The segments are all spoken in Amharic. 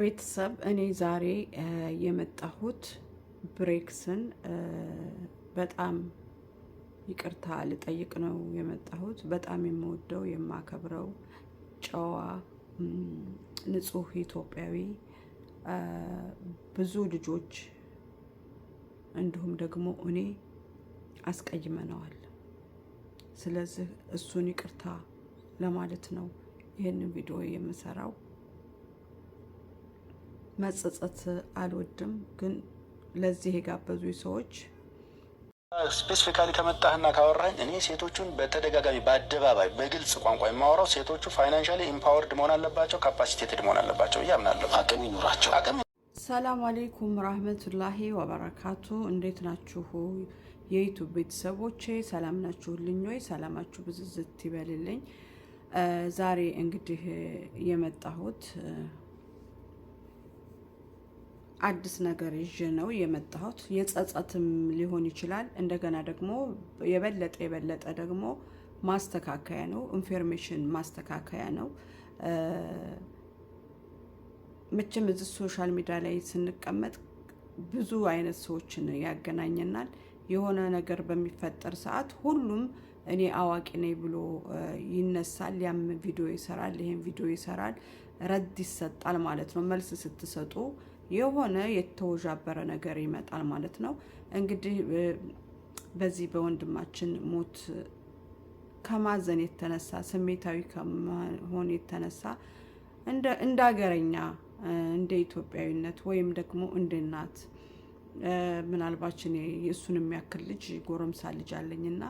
ቤተሰብ እኔ ዛሬ የመጣሁት ብሬክስን በጣም ይቅርታ ልጠይቅ ነው የመጣሁት። በጣም የምወደው የማከብረው፣ ጨዋ ንጹህ ኢትዮጵያዊ ብዙ ልጆች እንዲሁም ደግሞ እኔ አስቀይመነዋል። ስለዚህ እሱን ይቅርታ ለማለት ነው ይህንን ቪዲዮ የምሰራው። መጸጸት አልወድም። ግን ለዚህ የጋበዙ ሰዎች ስፔሲፊካሊ ከመጣህና ካወራኝ እኔ ሴቶቹን በተደጋጋሚ በአደባባይ በግልጽ ቋንቋ የማወራው ሴቶቹ ፋይናንሻሊ ኢምፓወርድ መሆን አለባቸው፣ ካፓሲቴትድ መሆን አለባቸው እያምናለሁ። አቅም ይኑራቸው። አቅም ሰላም አሌይኩም ራህመቱላሂ ወበረካቱ። እንዴት ናችሁ የዩቱብ ቤተሰቦቼ? ሰላም ናችሁልኝ ወይ? ሰላማችሁ ብዝዝት ይበልልኝ። ዛሬ እንግዲህ የመጣሁት አዲስ ነገር ይዤ ነው የመጣሁት። የጸጸትም ሊሆን ይችላል። እንደገና ደግሞ የበለጠ የበለጠ ደግሞ ማስተካከያ ነው፣ ኢንፎርሜሽን ማስተካከያ ነው። መቼም እዚህ ሶሻል ሚዲያ ላይ ስንቀመጥ ብዙ አይነት ሰዎችን ያገናኘናል። የሆነ ነገር በሚፈጠር ሰዓት ሁሉም እኔ አዋቂ ነኝ ብሎ ይነሳል። ያም ቪዲዮ ይሰራል፣ ይህም ቪዲዮ ይሰራል። ረድ ይሰጣል ማለት ነው። መልስ ስትሰጡ የሆነ የተወዣበረ ነገር ይመጣል ማለት ነው። እንግዲህ በዚህ በወንድማችን ሞት ከማዘን የተነሳ ስሜታዊ ከመሆን የተነሳ እንደ ሀገረኛ እንደ ኢትዮጵያዊነት ወይም ደግሞ እንደ እናት ምናልባች እሱን የሚያክል ልጅ ጎረምሳ ልጅ አለኝና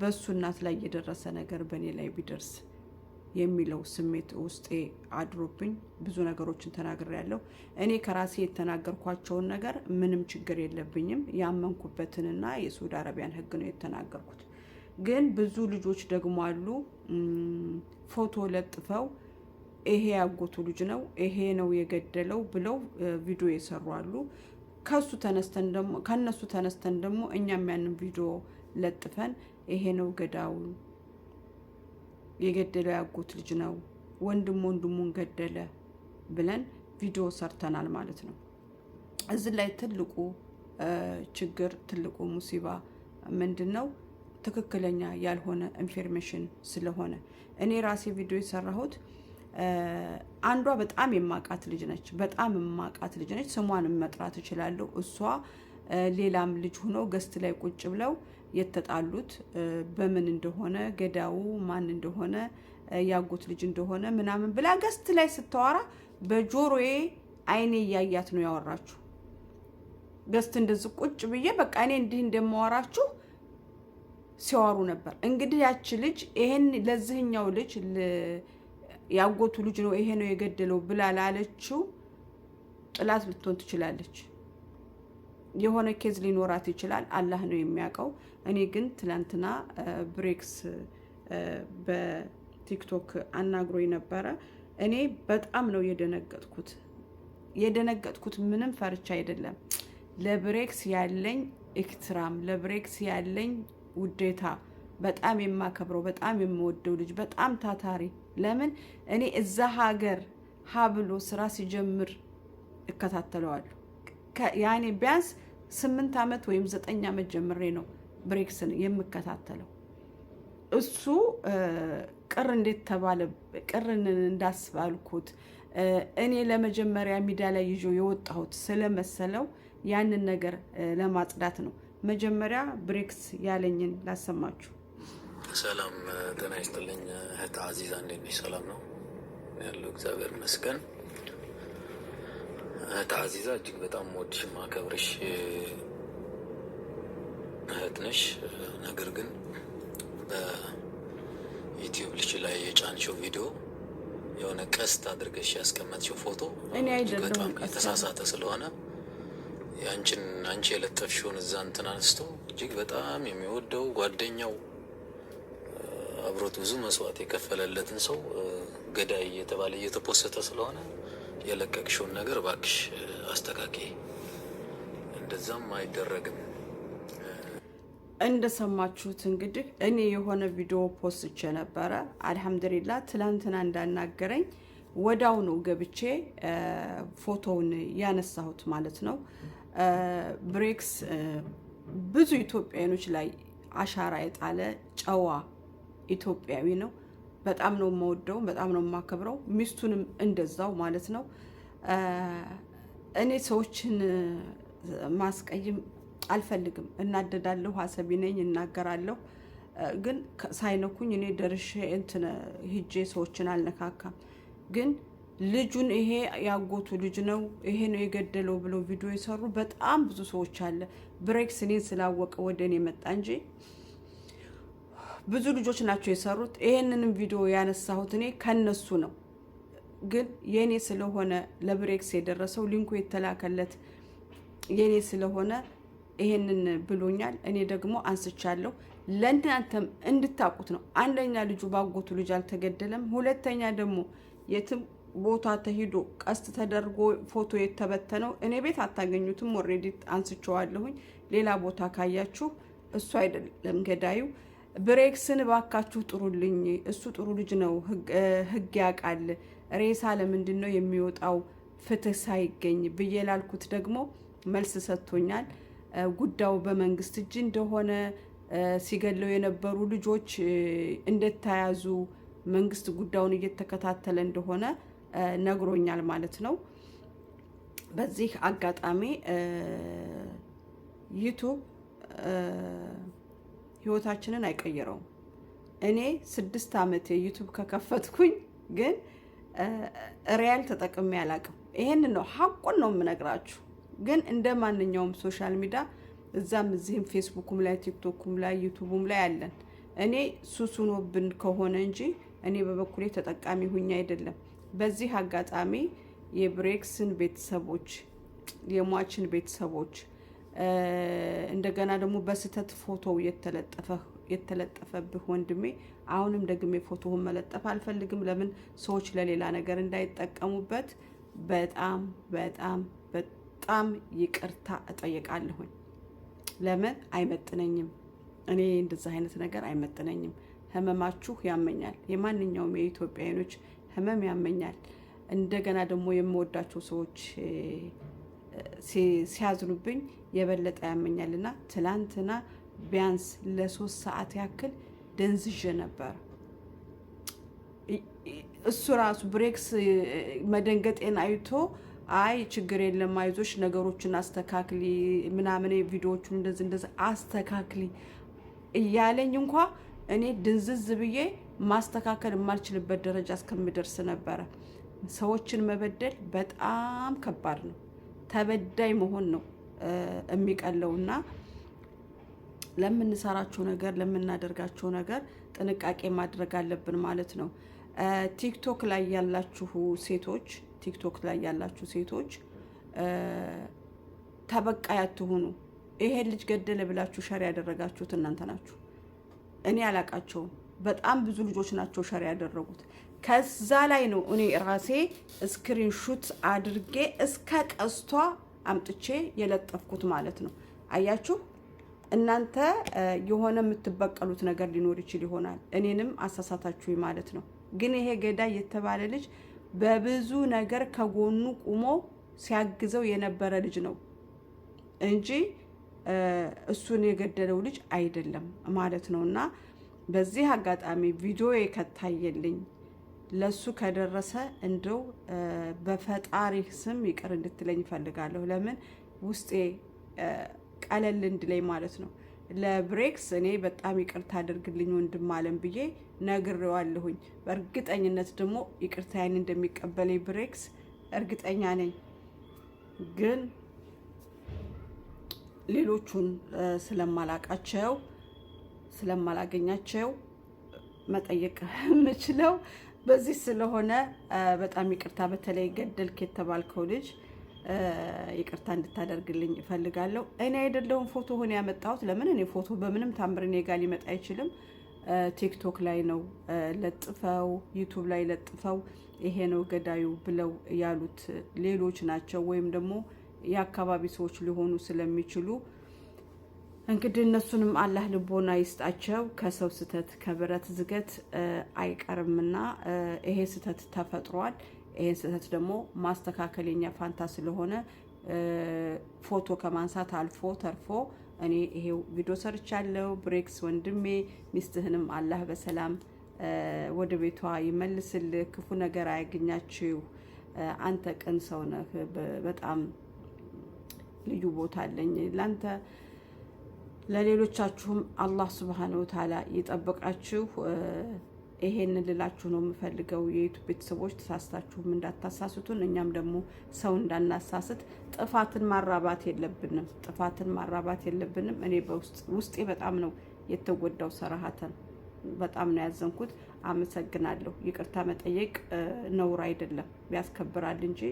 በእሱ እናት ላይ የደረሰ ነገር በእኔ ላይ ቢደርስ የሚለው ስሜት ውስጤ አድሮብኝ ብዙ ነገሮችን ያለው እኔ ከራሴ የተናገርኳቸውን ነገር ምንም ችግር የለብኝም። ያመንኩበትንና የሳውዲ አረቢያን ህግ ነው የተናገርኩት። ግን ብዙ ልጆች ደግሞ አሉ ፎቶ ለጥፈው ይሄ ያጎቱ ልጅ ነው ይሄ ነው የገደለው ብለው ቪዲዮ የሰሩ አሉ። ከሱ ተነስተን ደግሞ ከእነሱ ተነስተን ደግሞ እኛም ያንን ቪዲዮ ለጥፈን ይሄ ነው ገዳው የገደለው ያጎት ልጅ ነው፣ ወንድም ወንድሙን ገደለ ብለን ቪዲዮ ሰርተናል ማለት ነው። እዚህ ላይ ትልቁ ችግር ትልቁ ሙሲባ ምንድን ነው? ትክክለኛ ያልሆነ ኢንፎርሜሽን ስለሆነ እኔ ራሴ ቪዲዮ የሰራሁት አንዷ በጣም የማቃት ልጅ ነች። በጣም የማቃት ልጅ ነች። ስሟን መጥራት እችላለሁ። እሷ ሌላም ልጅ ሆኖ ገስት ላይ ቁጭ ብለው የተጣሉት በምን እንደሆነ ገዳው ማን እንደሆነ ያጎት ልጅ እንደሆነ ምናምን ብላ ገስት ላይ ስታወራ በጆሮዬ አይኔ እያያት ነው ያወራችሁ። ገስት እንደዚህ ቁጭ ብዬ በቃ እኔ እንዲህ እንደማወራችሁ ሲያወሩ ነበር። እንግዲህ ያቺ ልጅ ይሄን ለዚህኛው ልጅ ያጎቱ ልጅ ነው ይሄ ነው የገደለው ብላ ላለችው ጥላት ልትሆን ትችላለች። የሆነ ኬዝ ሊኖራት ይችላል። አላህ ነው የሚያውቀው። እኔ ግን ትላንትና ብሬክስ በቲክቶክ አናግሮ ነበረ። እኔ በጣም ነው የደነገጥኩት። የደነገጥኩት ምንም ፈርቻ አይደለም። ለብሬክስ ያለኝ ኤክትራም፣ ለብሬክስ ያለኝ ውዴታ፣ በጣም የማከብረው በጣም የምወደው ልጅ፣ በጣም ታታሪ። ለምን እኔ እዛ ሀገር ሀብሎ ስራ ሲጀምር እከታተለዋለሁ ያኔ ቢያንስ ስምንት ዓመት ወይም ዘጠኝ ዓመት ጀምሬ ነው ብሬክስን የምከታተለው። እሱ ቅር እንዴት ተባለ፣ ቅርን እንዳስባልኩት እኔ ለመጀመሪያ ሚዲያ ላይ ይዞ የወጣሁት ስለመሰለው ያንን ነገር ለማጽዳት ነው። መጀመሪያ ብሬክስ ያለኝን ላሰማችሁ። ሰላም ጤና ይስጥልኝ እህት አዚዛ፣ እንዴት ነሽ? ሰላም ነው ያለው፣ እግዚአብሔር ይመስገን። እህት አዚዛ እጅግ በጣም ወድሽ ማከብርሽ እህት ነሽ። ነገር ግን በዩቲዩብ ልጅ ላይ የጫንሽው ቪዲዮ የሆነ ቀስት አድርገሽ ያስቀመጥሽው ፎቶ በጣም የተሳሳተ ስለሆነ ያንቺን አንቺ የለጠፍሽውን እዛ እንትን አንስቶ እጅግ በጣም የሚወደው ጓደኛው አብሮት ብዙ መስዋዕት የከፈለለትን ሰው ገዳይ እየተባለ እየተፖሰተ ስለሆነ የለቀቅሽውን ነገር እባክሽ አስተካኪ። እንደዛም አይደረግም። እንደሰማችሁት እንግዲህ እኔ የሆነ ቪዲዮ ፖስቼ ነበረ። አልሐምዱሊላ ትላንትና እንዳናገረኝ ወዳው ነው ገብቼ ፎቶውን ያነሳሁት ማለት ነው። ብሬክስ ብዙ ኢትዮጵያኖች ላይ አሻራ የጣለ ጨዋ ኢትዮጵያዊ ነው። በጣም ነው የምወደው፣ በጣም ነው የማከብረው። ሚስቱንም እንደዛው ማለት ነው። እኔ ሰዎችን ማስቀይም አልፈልግም። እናደዳለሁ፣ ሀሰቢ ነኝ፣ እናገራለሁ። ግን ሳይነኩኝ እኔ ደርሼ እንትን ሂጄ ሰዎችን አልነካካም። ግን ልጁን ይሄ ያጎቱ ልጅ ነው ይሄ ነው የገደለው ብለው ቪዲዮ የሰሩ በጣም ብዙ ሰዎች አለ። ብሬክስ እኔን ስላወቀ ወደ እኔ መጣ እንጂ ብዙ ልጆች ናቸው የሰሩት። ይህንንም ቪዲዮ ያነሳሁት እኔ ከነሱ ነው። ግን የእኔ ስለሆነ ለብሬክስ የደረሰው ሊንኩ የተላከለት የእኔ ስለሆነ ይሄንን ብሎኛል። እኔ ደግሞ አንስቻለሁ። ለእናንተም እንድታውቁት ነው። አንደኛ ልጁ ባጎቱ ልጅ አልተገደለም። ሁለተኛ ደግሞ የትም ቦታ ተሂዶ ቀስት ተደርጎ ፎቶ የተበተነው እኔ ቤት አታገኙትም። ኦልሬዲ አንስቸዋለሁኝ። ሌላ ቦታ ካያችሁ እሱ አይደለም ገዳዩ። ብሬክስን ባካችሁ ጥሩልኝ። እሱ ጥሩ ልጅ ነው፣ ህግ ያውቃል። ሬሳ ለምንድን ነው የሚወጣው ፍትህ ሳይገኝ ብዬ ላልኩት ደግሞ መልስ ሰጥቶኛል። ጉዳዩ በመንግስት እጅ እንደሆነ ሲገለው የነበሩ ልጆች እንደተያዙ መንግስት ጉዳዩን እየተከታተለ እንደሆነ ነግሮኛል ማለት ነው። በዚህ አጋጣሚ ዩቱብ ህይወታችንን አይቀይረውም። እኔ ስድስት ዓመት የዩቱብ ከከፈትኩኝ ግን ሪያል ተጠቅሜ አላቅም። ይሄን ነው ሀቁን ነው የምነግራችሁ። ግን እንደ ማንኛውም ሶሻል ሚዲያ እዛም እዚህም ፌስቡኩም ላይ ቲክቶኩም ላይ ዩቱቡም ላይ አለን። እኔ ሱሱኖብን ከሆነ እንጂ እኔ በበኩሌ ተጠቃሚ ሁኝ አይደለም። በዚህ አጋጣሚ የብሬክስን ቤተሰቦች የሟችን ቤተሰቦች እንደገና ደግሞ በስህተት ፎቶው የተለጠፈብህ ወንድሜ፣ አሁንም ደግሜ ፎቶውን መለጠፍ አልፈልግም። ለምን ሰዎች ለሌላ ነገር እንዳይጠቀሙበት። በጣም በጣም በጣም ይቅርታ እጠይቃለሁኝ። ለምን አይመጥነኝም። እኔ እንደዚህ አይነት ነገር አይመጥነኝም። ህመማችሁ ያመኛል። የማንኛውም የኢትዮጵያኖች ህመም ያመኛል። እንደገና ደግሞ የምወዳቸው ሰዎች ሲያዝኑብኝ የበለጠ ያመኛልና ትላንትና ቢያንስ ለሶስት ሰዓት ያክል ደንዝዤ ነበር። እሱ ራሱ ብሬክስ መደንገጤን አይቶ አይ ችግር የለም አይዞች፣ ነገሮችን አስተካክሊ ምናምን ቪዲዮዎቹን እንደዚ እንደዚ አስተካክሊ እያለኝ እንኳ እኔ ድንዝዝ ብዬ ማስተካከል የማልችልበት ደረጃ እስከምደርስ ነበረ። ሰዎችን መበደል በጣም ከባድ ነው። ተበዳይ መሆን ነው የሚቀለውና ለምንሰራቸው ነገር ለምናደርጋቸው ነገር ጥንቃቄ ማድረግ አለብን ማለት ነው። ቲክቶክ ላይ ያላችሁ ሴቶች ቲክቶክ ላይ ያላችሁ ሴቶች ተበቃይ አትሁኑ። ይሄን ልጅ ገደለ ብላችሁ ሸር ያደረጋችሁት እናንተ ናችሁ። እኔ አላቃቸውም። በጣም ብዙ ልጆች ናቸው ሸር ያደረጉት። ከዛ ላይ ነው እኔ ራሴ ስክሪንሹት አድርጌ እስከ ቀስቷ አምጥቼ የለጠፍኩት ማለት ነው። አያችሁ እናንተ የሆነ የምትበቀሉት ነገር ሊኖር ይችል ይሆናል። እኔንም አሳሳታችሁኝ ማለት ነው። ግን ይሄ ገዳይ የተባለ ልጅ በብዙ ነገር ከጎኑ ቁሞ ሲያግዘው የነበረ ልጅ ነው እንጂ እሱን የገደለው ልጅ አይደለም ማለት ነው። እና በዚህ አጋጣሚ ቪዲዮ ከታየልኝ ለሱ ከደረሰ እንደው በፈጣሪ ስም ይቅር እንድትለኝ ይፈልጋለሁ። ለምን ውስጤ ቀለል እንድለኝ ማለት ነው። ለብሬክስ እኔ በጣም ይቅርታ አድርግልኝ ወንድም አለም ብዬ ነግሬዋለሁኝ። በእርግጠኝነት ደግሞ ይቅርታዬን እንደሚቀበለኝ ብሬክስ እርግጠኛ ነኝ። ግን ሌሎቹን ስለማላቃቸው ስለማላገኛቸው መጠየቅ የምችለው በዚህ ስለሆነ በጣም ይቅርታ፣ በተለይ ገደልክ የተባልከው ልጅ ይቅርታ እንድታደርግልኝ እፈልጋለሁ። እኔ አይደለውን ፎቶ ሆን ያመጣሁት። ለምን እኔ ፎቶ በምንም ታምር እኔ ጋር ሊመጣ አይችልም። ቲክቶክ ላይ ነው ለጥፈው፣ ዩቱብ ላይ ለጥፈው ይሄ ነው ገዳዩ ብለው ያሉት ሌሎች ናቸው፣ ወይም ደግሞ የአካባቢ ሰዎች ሊሆኑ ስለሚችሉ እንግዲህ እነሱንም አላህ ልቦና ይስጣቸው። ከሰው ስህተት ከብረት ዝገት አይቀርምና ይሄ ስህተት ተፈጥሯል። ይሄን ስህተት ደግሞ ማስተካከል የኛ ፋንታ ስለሆነ ፎቶ ከማንሳት አልፎ ተርፎ እኔ ይሄው ቪዲዮ ሰርቻለሁ። ብሬክስ ወንድሜ ሚስትህንም አላህ በሰላም ወደ ቤቷ ይመልስልህ፣ ክፉ ነገር አያገኛችሁ። አንተ ቅን ሰው ነህ። በጣም ልዩ ቦታ አለኝ ለአንተ። ለሌሎቻችሁም አላህ ስብሐነሁ ወተዓላ ይጠብቃችሁ። ይሄን ልላችሁ ነው የምፈልገው። የዩቱብ ቤተሰቦች ተሳስታችሁም እንዳታሳስቱን፣ እኛም ደግሞ ሰው እንዳናሳስት። ጥፋትን ማራባት የለብንም፣ ጥፋትን ማራባት የለብንም። እኔ ውስጤ በጣም ነው የተጎዳው። ሰራሀተን በጣም ነው ያዘንኩት። አመሰግናለሁ። ይቅርታ መጠየቅ ነውር አይደለም፣ ያስከብራል እንጂ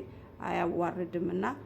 አያዋርድም እና